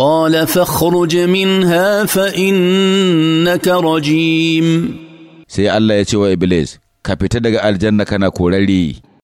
قال فاخرج منها فإنك رجيم سي الله يتوى إبليس ka fita daga aljanna kana korari